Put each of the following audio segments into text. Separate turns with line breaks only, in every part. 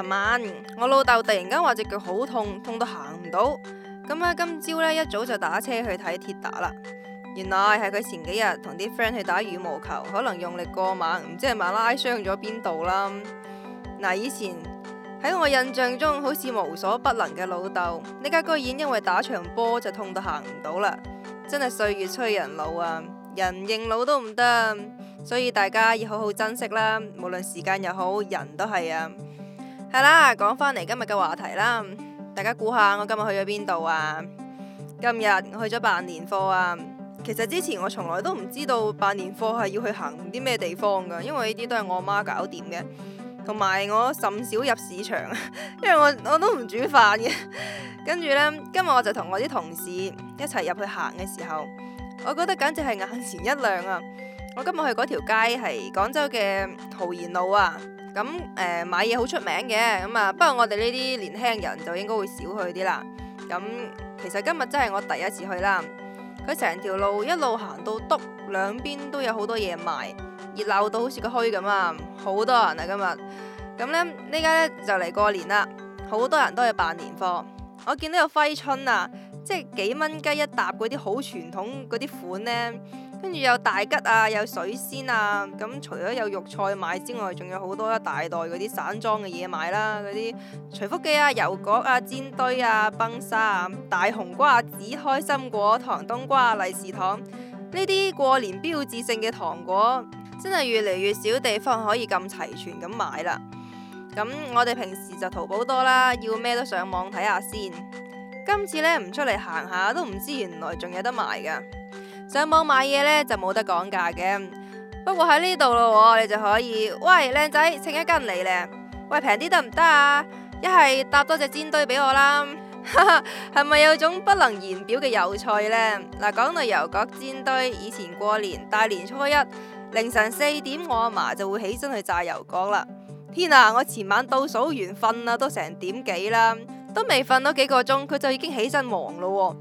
琴晚我老豆突然間話隻腳好痛，痛到行唔到，咁啊今朝呢，一早就打車去睇鐵打啦。原來係佢前幾日同啲 friend 去打羽毛球，可能用力過猛，唔知係咪拉傷咗邊度啦。嗱，以前喺我印象中好似無所不能嘅老豆，呢家居然因為打場波就痛到行唔到啦，真係歲月催人老啊！人認老都唔得，所以大家要好好珍惜啦，無論時間又好，人都係啊。係啦，講翻嚟，今日嘅話題啦，大家估下我今日去咗邊度啊？今日去咗辦年貨啊！其實之前我從來都唔知道辦年貨係要去行啲咩地方噶，因為呢啲都係我媽搞掂嘅。同埋我甚少入市場，因為我我都唔煮飯嘅。跟 住呢，今日我就同我啲同事一齊入去行嘅時候，我覺得簡直係眼前一亮啊！我今日去嗰條街係廣州嘅陶然路啊！咁誒、呃、買嘢好出名嘅，咁啊不過我哋呢啲年輕人就應該會少去啲啦。咁其實今日真係我第一次去啦。佢成條路一路行到篤，兩邊都有好多嘢賣，熱鬧到好似個墟咁啊！好多人啊今日。咁呢家呢就嚟過年啦，好多人都係辦年貨。我見到有揮春啊！即係幾蚊雞一疊嗰啲好傳統嗰啲款呢，跟住有大吉啊，有水仙啊，咁除咗有肉菜賣之外，仲有好多一大袋嗰啲散裝嘅嘢賣啦，嗰啲徐福記啊、油角啊、煎堆啊、崩沙啊、大紅瓜子啊、開心果、糖冬瓜啊、利是糖呢啲過年標誌性嘅糖果，真係越嚟越少地方可以咁齊全咁買啦。咁我哋平時就淘寶多啦，要咩都上網睇下先。今次呢唔出嚟行下都唔知原來仲有得賣噶，上網買嘢呢就冇得講價嘅。不過喺呢度咯，你就可以喂靚仔，請一間嚟呢。」「喂平啲得唔得啊？一係搭多隻煎堆俾我啦，哈哈，係咪有種不能言表嘅有趣呢？嗱，講到油角煎堆，以前過年大年初一凌晨四點，我阿嫲就會起身去炸油角啦。天啊，我前晚倒數完瞓啦，都成點幾啦。都未瞓多幾個鐘，佢就已經起身忙咯。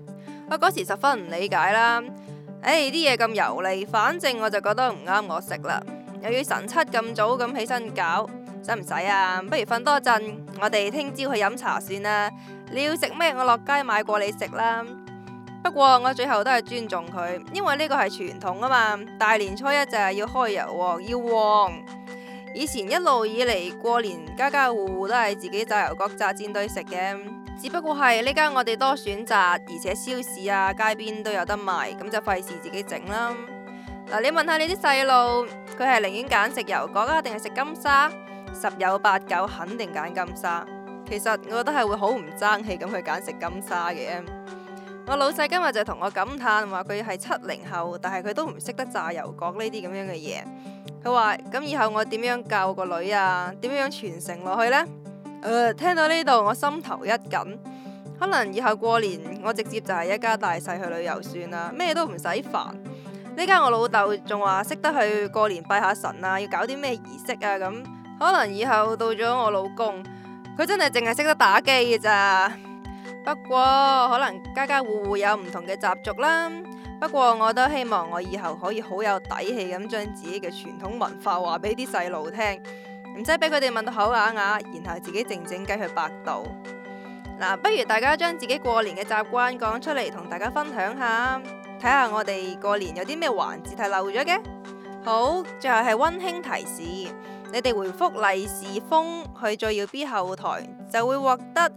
我嗰時十分唔理解啦。誒、哎，啲嘢咁油膩，反正我就覺得唔啱我食啦。又要晨七咁早咁起身搞，使唔使啊？不如瞓多陣，我哋聽朝去飲茶先啦。你要食咩？我落街買過你食啦。不過我最後都係尊重佢，因為呢個係傳統啊嘛。大年初一就係要開油鑊，要旺。以前一路以嚟過年家家戶戶都係自己炸油角炸煎堆食嘅，只不過係呢家我哋多選擇，而且超市啊街邊都有得賣，咁就費事自己整啦。嗱，你問下你啲細路，佢係寧願揀食油角啊，定係食金沙？十有八九肯定揀金沙。其實我覺得係會好唔爭氣咁去揀食金沙嘅。我老細今日就同我感嘆話佢係七零後，但係佢都唔識得炸油角呢啲咁樣嘅嘢。佢話咁以後我點樣教個女啊？點樣傳承落去呢？呃，誒，聽到呢度我心頭一緊。可能以後過年我直接就係一家大細去旅遊算啦，咩都唔使煩。呢家我老豆仲話識得去過年拜下神啊，要搞啲咩儀式啊咁。可能以後到咗我老公，佢真係淨係識得打機嘅咋。不過可能家家戶戶有唔同嘅習俗啦。不過我都希望我以後可以好有底氣咁將自己嘅傳統文化話俾啲細路聽，唔使俾佢哋問到口啞啞，然後自己靜靜雞去百度。嗱、啊，不如大家將自己過年嘅習慣講出嚟，同大家分享下，睇下我哋過年有啲咩環節係漏咗嘅。好，最後係溫馨提示，你哋回復利是封去在要 B 後台就會獲得。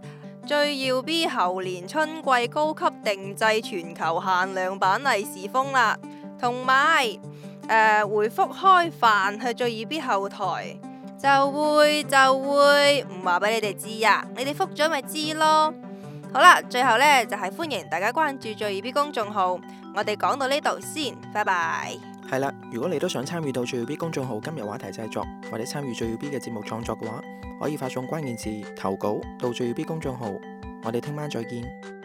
最要 B 猴年春季高級定製全球限量版利是封啦，同埋誒，回覆開飯去最二 B 後台就會就會唔話俾你哋知呀，你哋覆咗咪知咯。好啦，最後呢，就係、是、歡迎大家關注最二 B 公眾號，我哋講到呢度先，拜拜。係啦，如果你都想參與到最 U B 公眾號今日話題製作，或者參與最 U B 嘅節目創作嘅話，可以發送關鍵字投稿到最 U B 公眾號。我哋聽晚再見。